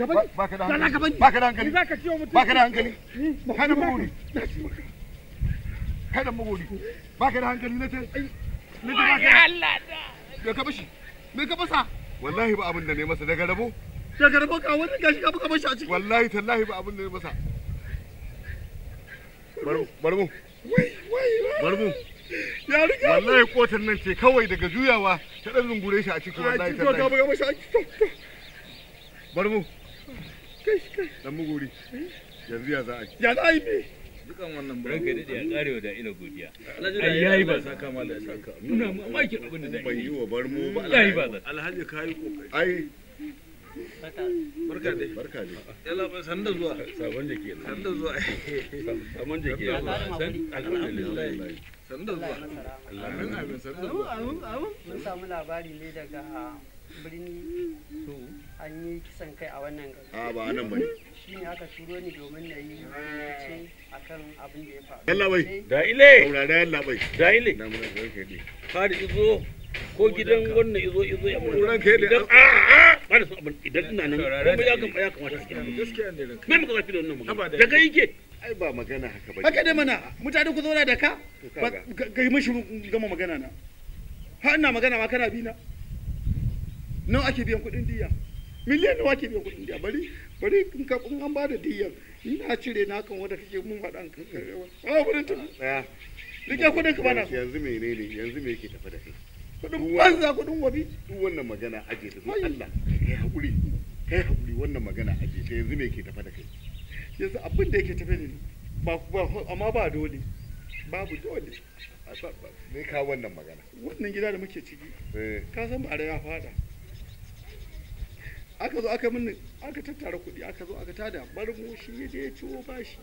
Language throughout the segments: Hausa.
ka hankali hankali hankali hankali na ce da ka fasa wallahi ba abin da ne masa daga rabo daga rabo ka wani gashi ka buka bashi a ciki wallahi tallahi ba abin da ne masa barmu barmu ya rike wallahi kotar nan ce kawai daga juyawa ta dan zungure shi a ciki wallahi tallahi barmu Dan muguri. Yanzu ya za a Ya za a yi me? Dukan wannan buran kai dade ya karewa da ina godiya. Ai yayi ba saka ma da saka. Muna mamaki abin da zai yi. yi wa bar mu ba. Yayi ba. Alhaji kai kokari. Ai Barka dai. Barka dai. Yalla san da zuwa. Sabon da San da zuwa. Sabon da Alhamdulillah. San da zuwa. san da zuwa. Mun samu labari ne daga birni. So. an yi kisan kai a wannan gari a ba nan bane shi ne aka turo ni domin na yi a kan abin da ya faru yalla bai da ile da yalla bai da ile na mun ga kai izo ko gidan wannan izo izo ya mun ran kai da a a ba da abin idan ina nan kuma ya kamata ya kamata gaskiya ne ranka me muka zafi da wannan magana da kai yake ai ba magana haka ba haka da mana mutane ku zauna da ka ga yi mishi gama magana na har ina magana ma kana bi na Nan ake biyan kuɗin diya miliyan da wake biyan kudin diya bari bari in ka in an bada diyan ina cire na kan wanda kake mun haɗan kan karewa a wurin tun daya rike kudin ka bana yanzu menene yanzu me yake tafi da kai kudin banza kudin wabi duk wannan magana aje ta zo Allah kai hakuri kai hakuri wannan magana aje ta yanzu me yake tafi da kai yanzu abin da yake tafe ne ba ba amma ba dole babu dole ne ka wannan magana wannan gida da muke ciki eh. ka san ba da ya fada aka zo aka mini aka tattara kuɗi aka zo aka tada barmo shi ya je ciwo bashi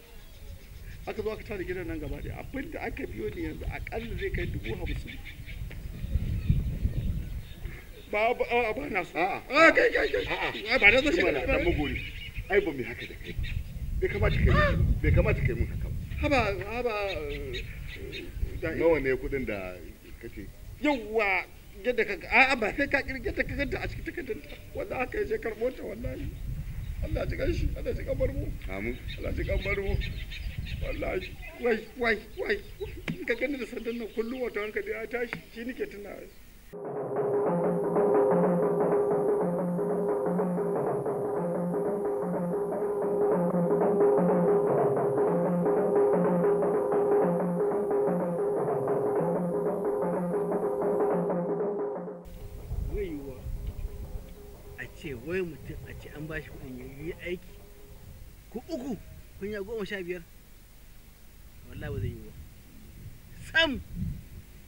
aka zo aka tada gidan nan gaba ɗaya abinda aka biyo ne yanzu akalla zai kai dubu hamsin ba ba a ba na su a a kai kai kai ba na zo shi ba na magori ai ba mai haka da kai bai kamata kai bai kamata kai mun haka haba haba nawa ne kuɗin da kake yawwa yadda ka ga a'a ba sai ka kirge ta kanta a cikin takardar ta wanda aka je karbo ta wallahi Allah ji gan shi Allah ji kan bar mu amin Allah ji kan bar wallahi wai wai wai ka gani da sandan nan kullum wata hankali ya tashi shi nake tunawa wai mutum a ce an ba shi kuɗin ya yi aiki ku uku kun ya goma sha biyar wallah ba zai yi ba sam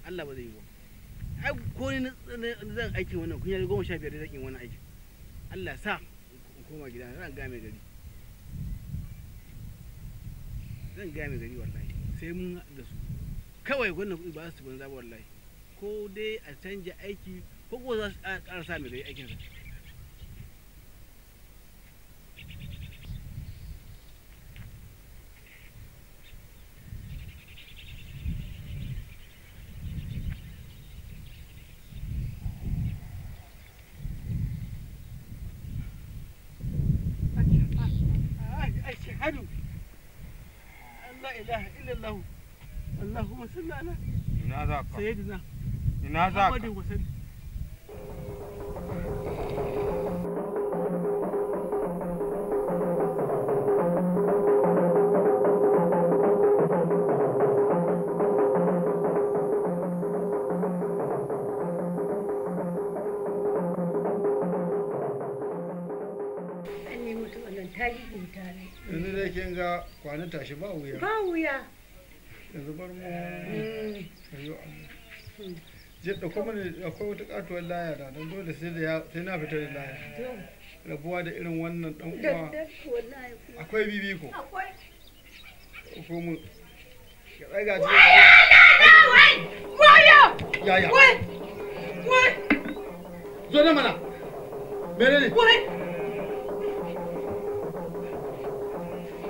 Allah ba zai yi ba ai ko ni zan aiki wannan kun ya goma sha biyar da zan yi wannan aiki Allah sa in koma gida zan ga mai gari zan ga mai gari wallahi sai mun da su kawai wannan kuɗi ba su banza wallahi ko dai a canja aiki ko ko za su ƙarasa mai gari aikinsa ashhadu an ina za ka yanzu dai kin ga kwana tashi ba wuya ba wuya yanzu bar mu eh. yanzu je da kuma ne akwai wata katuwar laya da don dole sai da sai na fita da laya rabuwa da irin wannan dan uwa akwai bibi ko akwai ko mu ka daga ji waya ya ya wai wai zo na mana menene wai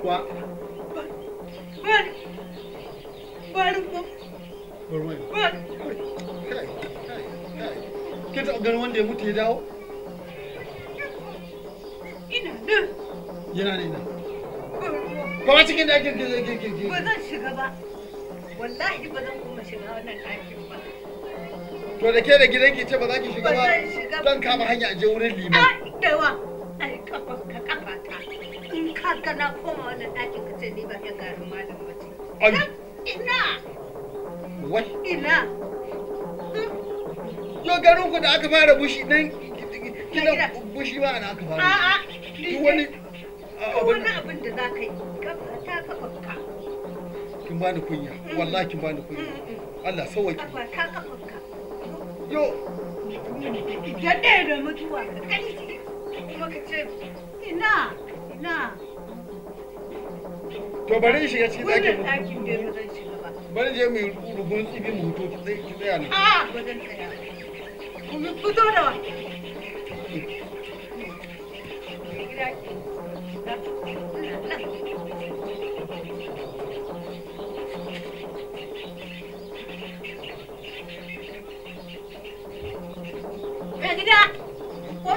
kuwa kin taɓa ganin wanda ya mutu ya dawo? Ina nan. Yana ne nan. Kuma cikin ɗakin ki zai ki Ba zan shiga ba. Wallahi ba zan kuma shiga wannan ɗakin To da ke da gidanki ce ba ki shiga ba. kama hanya a je wurin liman. Ai, dawa. Ai, ka kafa ta. In ka gana ko wannan ɗakin ka ce ni ba ya garin malam ba ce. Ina. Wai. Ina. garin ku da aka fara bushi nan bushi ba na aka fara. A'a. Duk wani abin da za ka yi ta ka Kin bani kunya wallahi kin bani kunya. Allah sauwaki. Kafa ta ka fakka. Yo. da mutuwa kai kuma ka ce ina ina. to bari shiga cikin ɗakin mu bari je mu mu hutu ki tsaya ne ah! fito da wa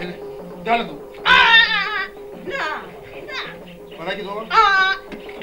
eh, Dale tú. Ah, no, no. ¿Para qué Ah.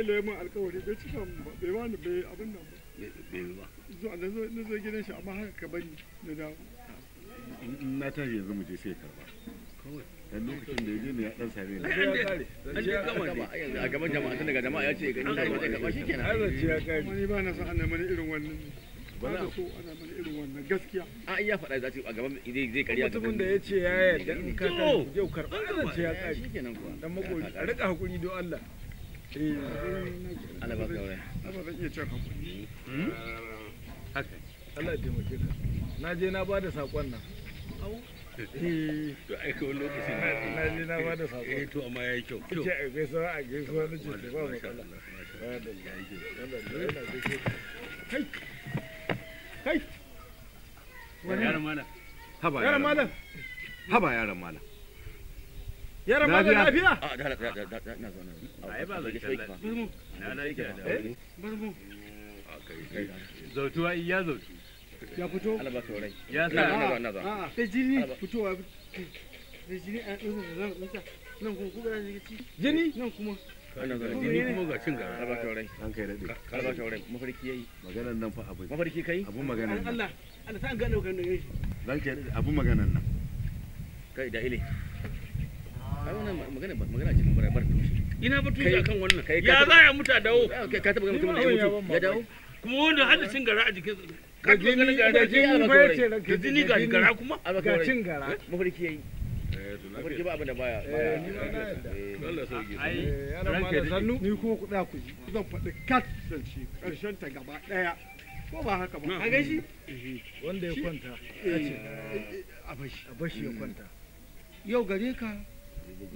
ilo mun alkawari bai cika ba bai ma bai abin nan ba bai ba zuwa da zo na zo gidan shi amma haka ka bani na dawo na tashi yanzu mu je sai karba kawai dan lokacin da yaje ne ya dan sare ne an a gaban jama'a tun daga jama'a ya ce gani sai ka karba shikenan har ce ya kare mani ba na san mani irin wannan ba za so ana mani irin wannan gaskiya a iya faɗa za ta a gaban zai zai kariya mutumin da ya ce ya yarda in ka karba ya shikenan kuwa dan a rika hakuri don Allah Ala ba ka waya. Ba zan iya cewa Haka. ya taimake ka. Na je na bada nan. To wani lokaci na je. Na je na bada saƙon. Eh to amma yayi kyau. Ce a gaisuwa a ce ba Ba Kai. Yaran Haba yaran Haba yaran Yara ba da lafiya? A da da da kai. Zautuwa iya zautu. Ya fito. Ya sa ina zaune zaune. A'a sai jini fitowa. Sai jini a ɗin zan ɗinka. Nan kuma kuma Jini? Nan kuma. jini kuma ga cin gara. ba saurai. An kai daɗe. ba saurai. Mafarki yayi. Maganar nan fa abu. Mafarki kai? Abun maganar nan. Allah. Allah sa an nan. kai maganar nan. Kai da ile. ai wannan magana magana ce bar bar ina ba akan wannan ya za ya muta dawo ka taba ga mutum da ya mutu ya dawo kuma gara a jikin ka ce ga gara kuma ga cin gara eh, mafarki yayi eh, mafarki ba abin da baya sannu eh, ni ku zan faɗi kat zan ci ta gaba ko ba haka ba wanda ya kwanta a bashi ya kwanta mm. yau gare ka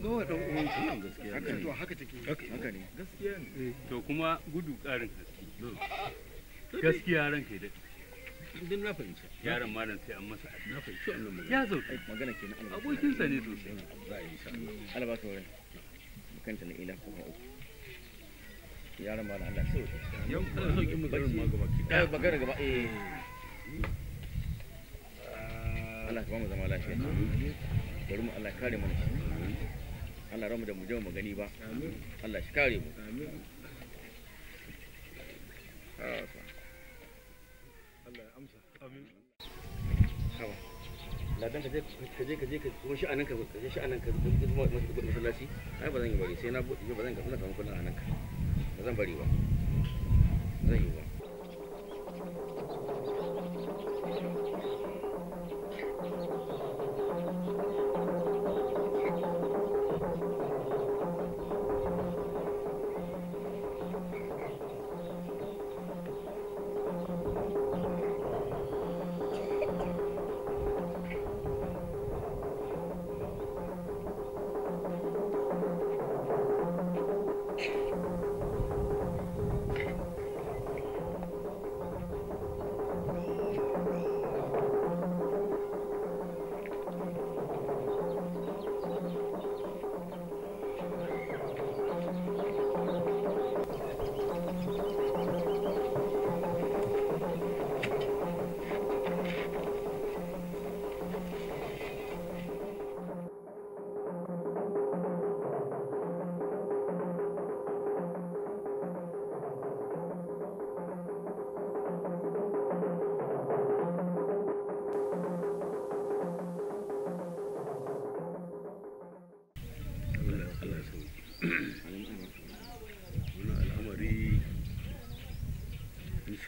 gawa dan uwan nan gaskiya haka to haka take haka ne gaskiya ne to kuma gudu karin haske gaskiya ran kai na fahimci yaron malam sai an masa na fahimci wannan ya zo magana kenan abokin sa ne za a yi Allah ba kanta na ila kuma uku yaron malam Allah sai yau ma gaba ki da magana gaba eh Allah zama lafiya bari mu Allah kare mu Allah ramu da mu je mu gani ba Allah shi kare mu Allah ya amsa amin ladan ka je ka je ka je kuma shi anan ka ka je shi anan ka masallaci ai ba zan yi bari sai na bude ba zan ka kuma kan kullun anan ka ba zan bari ba zan yi ba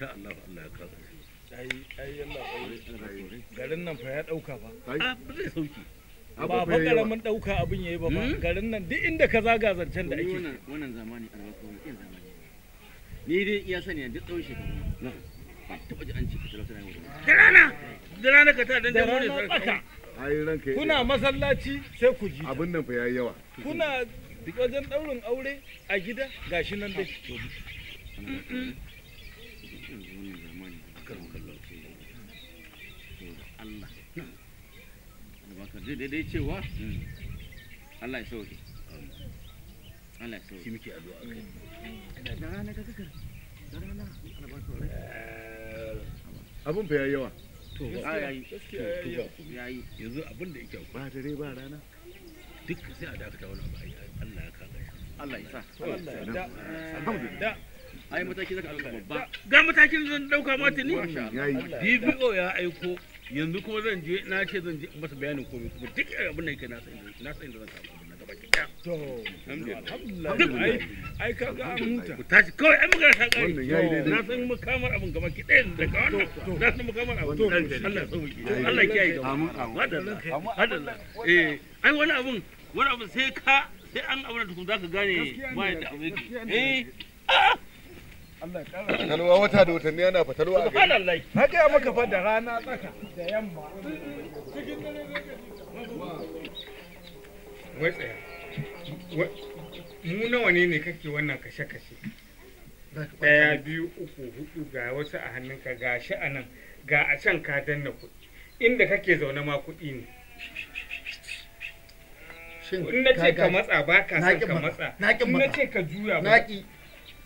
insha Allah Allah ya kawo garin nan fa ya dauka fa ah, a sauki ba karamin dauka abin yayi ba hmm? garin nan duk inda ka zaga zancen da ake wannan zamani a zamani ni dai iya sani duk tsawon shekaru na ba an talauta da rana da rana ka ta dan ne kuna masallaci sai ku ji abin nan fa yayi yawa kuna wajen daurin aure a gida gashi nan dai zai daidai cewa hmm. Allah ya sauke yanzu abin da yake ba ba rana duk sai a Allah ya Allah ya sa Allah ya ya aiko yanzu kuma zan je na ce zan je masa bayanin komai kuma duk abin da yake na san na san inda zan samu abin na gaba to ai ka ga an huta ku tashi kawai ai magana ta kai na san makamar abin gaba ki ɗaya da ka wannan na san makamar abin to Allah ya sauke Allah ya yi amin amin eh ai wani abin wani abin ka sai an abin da zaka gane ba a abin eh ah, ah. Kalwa wata da watanni ana fatalwa a gari. Na gaya maka fa da rana tsaka da yamma. Wai tsaya. Mu nawa ne ne kake wannan kashe-kashe? Ɗaya, biyu, uku, hudu ga wasu a hannunka ga shi a nan ga a can ka danna kuɗi. Inda kake zaune ma kuɗi ne. In na ce ka matsa ba ka san ka matsa. In na ce ka juya ba.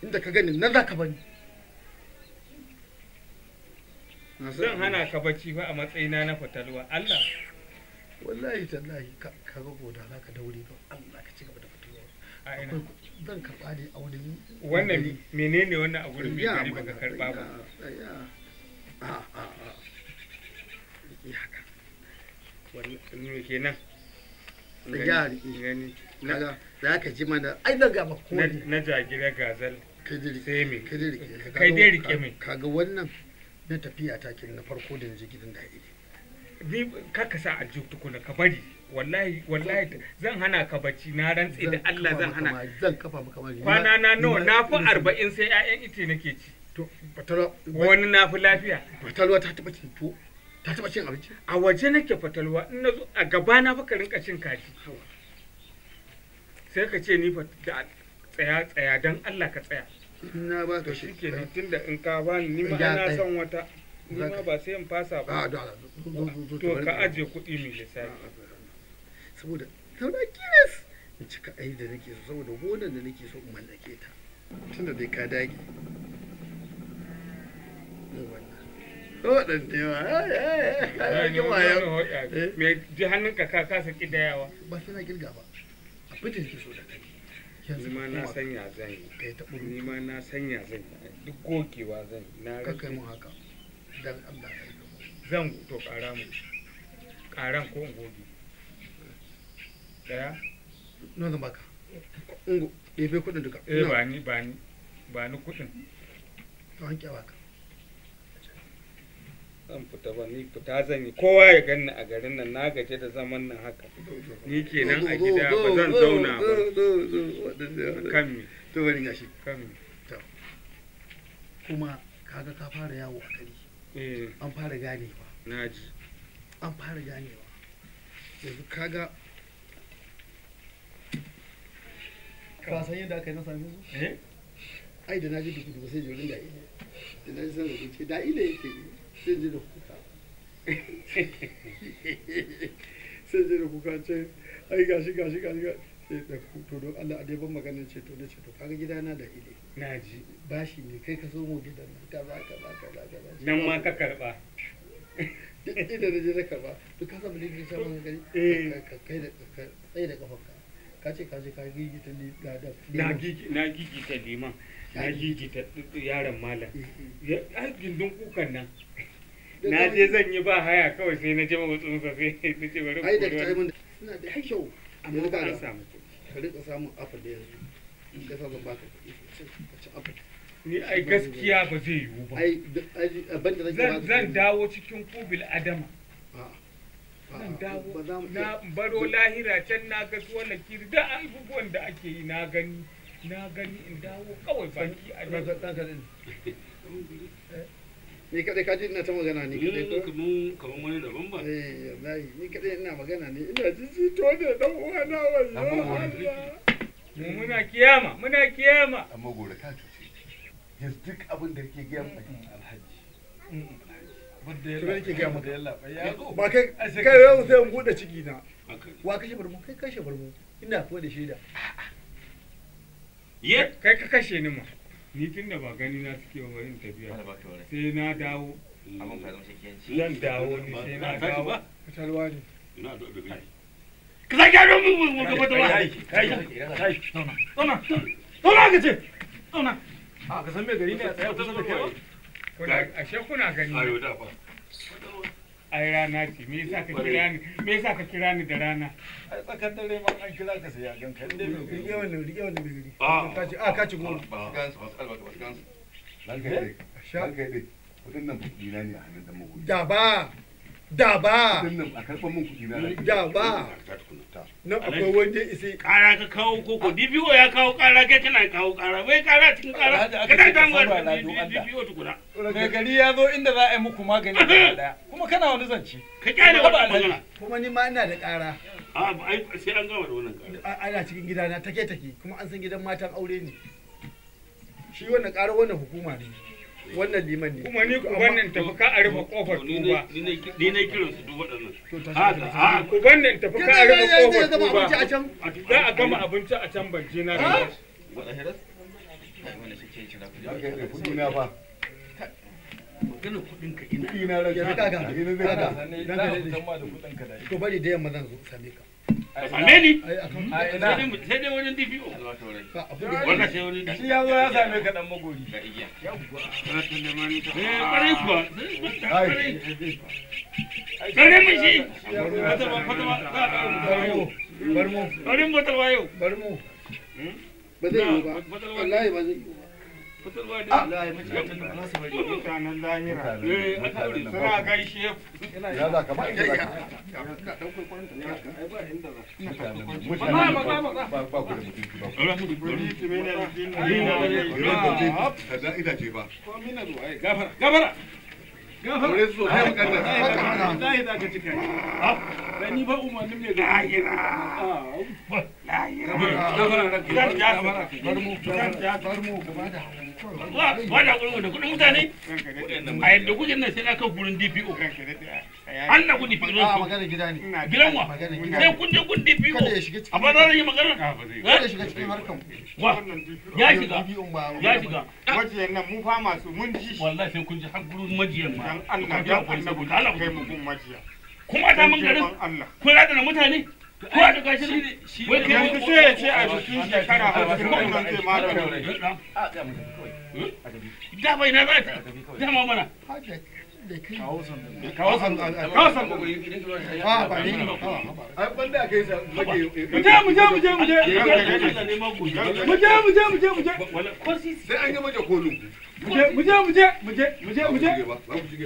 inda ka gani nan za ka bani zan hana ka bacci ba a matsayina na fatalwa Allah wallahi tallahi ka ga goda za ka daure don Allah ka ci gaba da fatalwa a ina zan karba ne a wurin wannan menene wannan a wurin mai gari baka karba ba a a a haka wannan kenan da gani za ka ji mana ai daga ba na jagira gazal kai dai rike mai kaga wannan na tafiya ta kin na farko da je gidan da ni kaka sa aljihu tukuna ka bari wallahi wallahi zan hana ka bacci na rantse da Allah zan hana zan kafa maka mari kwana na nawa na fi arba'in sai ƴaƴan ite nake ci to fatalwa wani na fi lafiya fatalwa ta taba cin to ta taɓa cin abinci a waje nake fatalwa in na zo a gaba na fa ka rinka cin kaji sai ka ce ni fa tsaya tsaya dan Allah ka tsaya na ba ka shi ke tun da in ka bani ni ma ana son wata ni ma ba sai in fasa ba ah, to ka aje kuɗi mai lissafi ah, saboda tauna kiris in cika ai da nake so saboda gonar da nake so in mallake ta tunda dai ka dage waɗanda yawa Me ji hannun ka ka kasa ƙidayawa ba sai na girga ba a fitin ki so da kai nima na sanya zan yi nima na sanya zan yi duk zan yi na rage zan to ƙara mu ƙaran ko in goge daya eh, ba ni ba ni ba kudin to an kyawa zan fita ba ni fita zan yi kowa ya ganni a garin nan na gaje da zaman nan haka ni kenan a gida ba zan zauna ba kan to bari gashi kan mi kuma kaga ka fara yawo a gari eh an fara ganewa naji an fara ganewa yanzu kaga ka san yadda aka yi na same su eh? ai da naji duku duku sai jorin da ile da naji san da ke da ile yake sai ji da kuka sai ji da kuka ce ai gashi gashi gashi sai da to don Allah a dai ban ceto na ceto kaga gidana da ile na ji bashi ne kai ka so mu ka nan kaza kaza kaza ba. nan ma ka karba inda da je na karba to ka samu lingin sha maka gari ka kai da ka tsaye da kafanka ka ce ka je ka gigita ni ga da na gigi na gigita liman na gigita yaron malam ai gindin kukan nan na je zan yi ba haya kawai sai na jima mawutsun sa na ce bari ai da kai mun suna da kyau amma ba da samu ka rika samu afa da yanzu in ka samu baka ka ci afa ni ai gaskiya ba zai yiwu ba ai abin da zan zan dawo cikin kubil adama zan dawo na baro lahira can na ga su wannan kiri da abubuwan da ake yi na gani na gani in dawo kawai baki a nan eh? ni kadai ka ji ina ta magana ni kadai ko kaman wani daban ba eh wallahi ni kadai ina magana ne ina ji to ne dan uwa na wallahi muna kiyama muna kiyama amma gore ka cuce duk abin da yake gaya alhaji kai kai na wa kashe barmu kai kai ka kashe ni ma ni tun da ba gani na suke wa yin tafiya sai na dawo zan dawo ne sai na dawo fitarwa ne ina da ka za ka mu mu mu gaba da ba ai ai tona tona tona ka ce tona a ka san me gari ne a tsaye kusa da kewa ko da ashe kuna gani ayo da ba ai rana ce me yasa ka kira ni me yasa ka kira ni da rana ai tsakan dare ma an kira ka sai ya ganka inda ne me yi wannan rige wannan bibi gari ka ci a ka ci gori ba gansu ba alba ba gansu dan kai dai sha kai dai kudin nan dina ne a hannun da mu da ba da ba da ba na akwai wanda isi kara ka kawo koko dbo ya kawo kara ke tana kawo kara wai kara cikin kara ka ta dangwa dbo tukuna mai gari ya zo inda za a yi muku magani da daya kuma kana wani zance ka kyale wani magana kuma ni ma ina da kara a sai an gama da wannan kara ana cikin gidana take take kuma an san gidan matan aure ne shi wannan kara wannan hukuma ne wannan liman ne kuma ni ku bannin tafi ka a rufe kofar tuba ni ne kiran su duk waɗannan a ku bannin tafi ka a rufe kofar tuba za a gama abinci a can banje na da maganar kudin ka ina ina rage ka ga ina zai ka to bari da yamma zan zo same ka ka same ni sai dai wajen dpo wannan sai wajen dpo ya zo ya same ka dan magori ga kuwa ah. mun shi a ɗaura barmo barmo barmo hmm? ba zai yi ba wallahi ba zai yi fitarwa da Allah mutanen lahira ka ba ba ba ba ba Gaure so kai magana. Wallahi za ka cika shi. Da ni ba umarnin mai gaba. Lahira. Lahira. Bar mu. Ba da kuɗin mutane. A yadda kuɗin nan sai na kan gurin DPO. Allah kun difa gidan ku. Magana gida ne. Gidan wa? Sai kun je kun difi ko. A ba za yi magana? Kada shiga cikin harkan. Wa? Ya shiga. Ya shiga. Majiyan nan mu fa masu mun ji. Wallahi sai kun ji har gurin majiyan ma. Allah ya annabi da Allah kai mu kun majiya. Kuma da mun garin kun rada mutane. Ko da gashi ne. Wai kai ku sai ya ce a cikin shekara har kun nan zai magana. Eh, eh? Da bai na ba. Da ma da kai kawo sandan da kawo sandan da kawo sandan a ba ni a ban da kai sa muje muje muje muje muje muje muje muje muje sai an yi muje kolun muje muje muje muje muje muje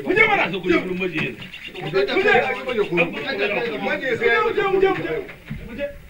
muje mana so kolun muje muje muje muje muje muje